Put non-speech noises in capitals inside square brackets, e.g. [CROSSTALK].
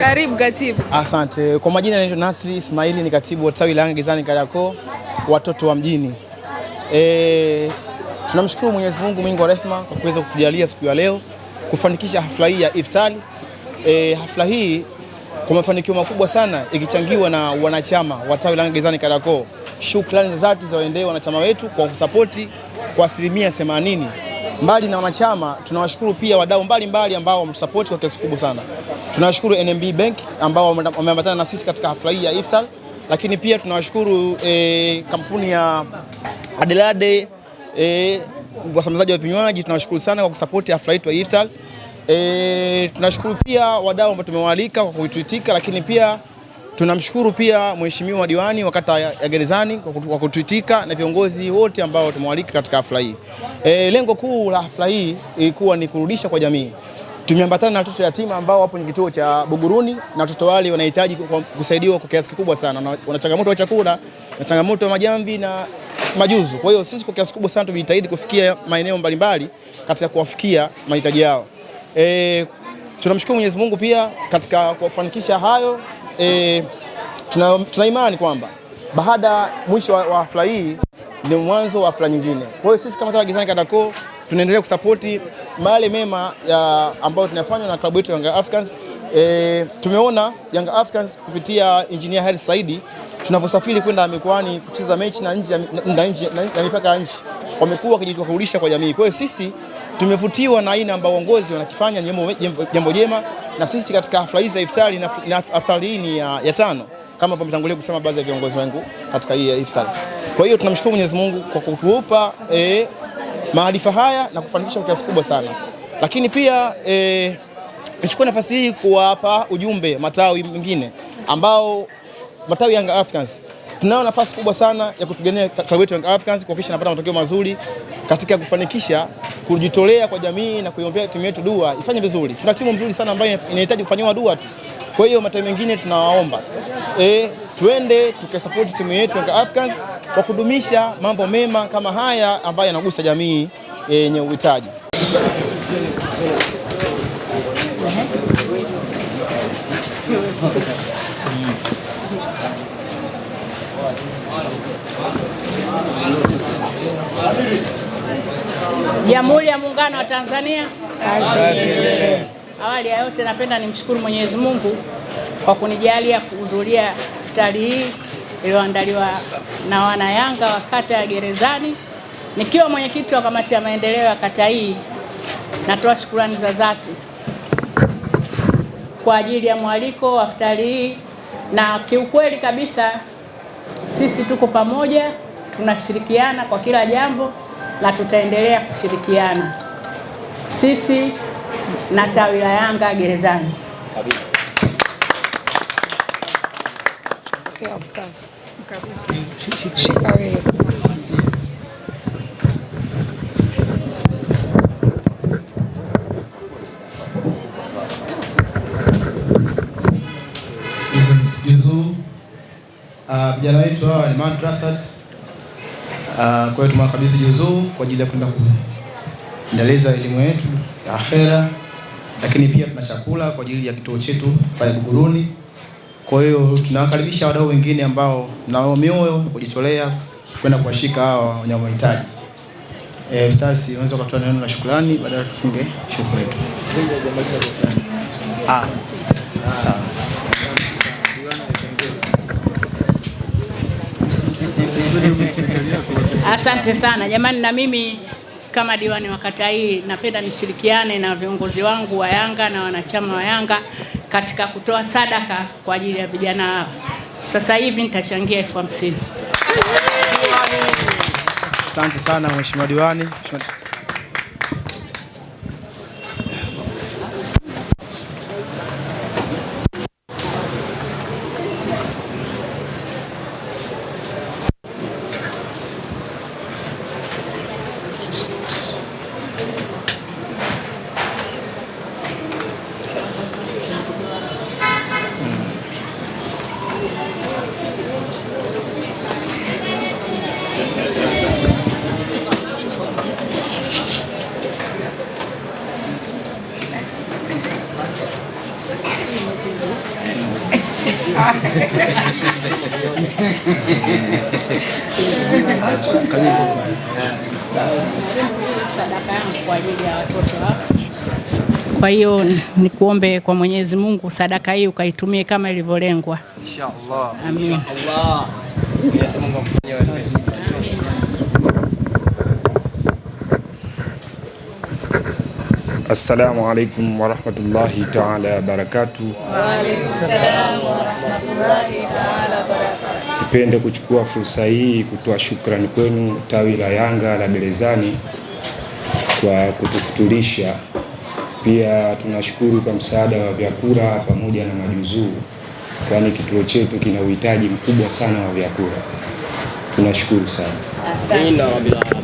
Karibu katibu. Asante. Kwa majina naitwa Nasri Ismaili, ni katibu wa tawi Ilange Gizani Kariakoo, watoto wa mjini. E, tunamshukuru Mwenyezi Mungu mwingi wa rehema kwa kuweza kutujalia siku ya leo kufanikisha hafla hii ya iftari. E, hafla hii kwa mafanikio makubwa sana ikichangiwa na wanachama wa tawi Ilange Gizani Kariakoo. Shukrani za dhati za waendee wanachama wetu kwa kusapoti kwa asilimia 80. Mbali na wanachama, tunawashukuru pia wadau mbalimbali ambao wametusapoti kwa kiasi kubwa sana. Tunawashukuru NMB Bank ambao wameambatana na sisi katika hafla hii ya iftar, lakini pia tunawashukuru eh, kampuni ya Adelade eh, wasambazaji wa vinywaji tunawashukuru sana kwa kusapoti hafla yetu ya iftar. Eh, tunashukuru pia wadau ambao tumewaalika kwa kuituitika, lakini pia Tunamshukuru pia Mheshimiwa Diwani wa Kata ya Gerezani kwa kutuitika na viongozi wote ambao tumewalika katika hafla hii. E, lengo kuu la hafla hii ilikuwa ni kurudisha kwa jamii. Tumeambatana na watoto yatima ambao wapo kwenye kituo cha Buguruni na watoto wale wanahitaji kusaidiwa kwa kiasi kikubwa sana. Wana changamoto ya chakula na changamoto ya majambi na majuzu. Kwa hiyo sisi kwa kiasi kikubwa sana tumejitahidi kufikia maeneo mbalimbali katika kuwafikia mahitaji yao. E, tunamshukuru Mwenyezi Mungu pia katika kufanikisha hayo e, tuna, tuna imani kwamba baada mwisho wa hafla hii ni mwanzo wa hafla nyingine. Kwa hiyo sisi kama Gizani Kariakoo tunaendelea kusapoti mali mema ya ambayo tunafanywa na klabu yetu Young Africans. E, tumeona Young Africans kupitia Engineer Harris Saidi tunaposafiri kwenda mikoani kucheza mechi na nje na mipaka ya nchi, wamekuwa wakijitwakurudisha kwa jamii. Kwa hiyo sisi tumevutiwa na aina ambayo uongozi wanakifanya jambo jema, na sisi katika hafla hizi za iftari na, na iftari hii ni ya, ya tano kama ametangulia kusema baadhi ya viongozi wangu katika hii iftari. Kwa hiyo tunamshukuru Mwenyezi Mungu kwa kutupa e, maarifa haya na kufanikisha kwa kiasi kubwa sana, lakini pia e, nichukue nafasi hii kuwapa ujumbe matawi mengine ambao matawi Young Africans tunayo nafasi kubwa sana ya kupigania klabu yetu Young Africans kuhakikisha napata matokeo mazuri katika kufanikisha kujitolea kwa jamii na kuiombea timu yetu dua ifanye vizuri. Tuna timu nzuri sana ambayo inahitaji kufanyiwa dua tu. Kwa hiyo matokeo mengine tunawaomba e, tuende tukasupport timu yetu Young Africans kwa kudumisha mambo mema kama haya ambayo yanagusa jamii yenye uhitaji. Jamhuri ya Muungano wa Tanzania. Awali ya yote, napenda nimshukuru Mwenyezi Mungu kwa kunijalia kuhudhuria iftari hii iliyoandaliwa na wanayanga wa kata ya Gerezani. Nikiwa mwenyekiti wa kamati ya maendeleo ya kata hii, natoa shukurani za dhati kwa ajili ya mwaliko wa iftari hii, na kiukweli kabisa sisi tuko pamoja, tunashirikiana kwa kila jambo na tutaendelea kushirikiana sisi na tawi la Yanga gerezani. Uh, vijana wetu hawa ni madrasat kwa hiyo tumewakabidhi juzuu kwa ajili ya kwenda kuendeleza elimu yetu ya akhera, lakini pia tuna chakula kwa ajili ya kituo chetu pale Buguruni. Kwa hiyo tunawakaribisha wadau wengine ambao nao mioyo kujitolea kwenda kuwashika hawa wenye mahitaji. Eh, stasi unaweza kutoa neno la shukrani baada ya tufunge shukrani. Ah. Sawa. [LAUGHS] Asante sana jamani, na mimi kama diwani wa kata hii napenda nishirikiane na viongozi wangu wa Yanga na wanachama wa Yanga katika kutoa sadaka kwa ajili ya vijana hao. Sasa hivi nitachangia elfu hamsini. Asante sana mheshimiwa diwani. kwa ajili ya watoto Kwa hiyo nikuombe kwa Mwenyezi Mungu sadaka hii ukaitumie kama ilivyolengwa. Inshallah. Amin. Inshallah. Assalamu alaikum warahmatullahi taala wabarakatuh. Wa alaikum salaam warahmatullahi taala wabarakatuh. Nipende kuchukua fursa hii kutoa shukrani kwenu tawi la Yanga la Gerezani kwa kutufutulisha. Pia tunashukuru kwa msaada wa vyakula pamoja na majuzuu, kwani kituo chetu kina uhitaji mkubwa sana wa vyakula. Tunashukuru sana. Asante.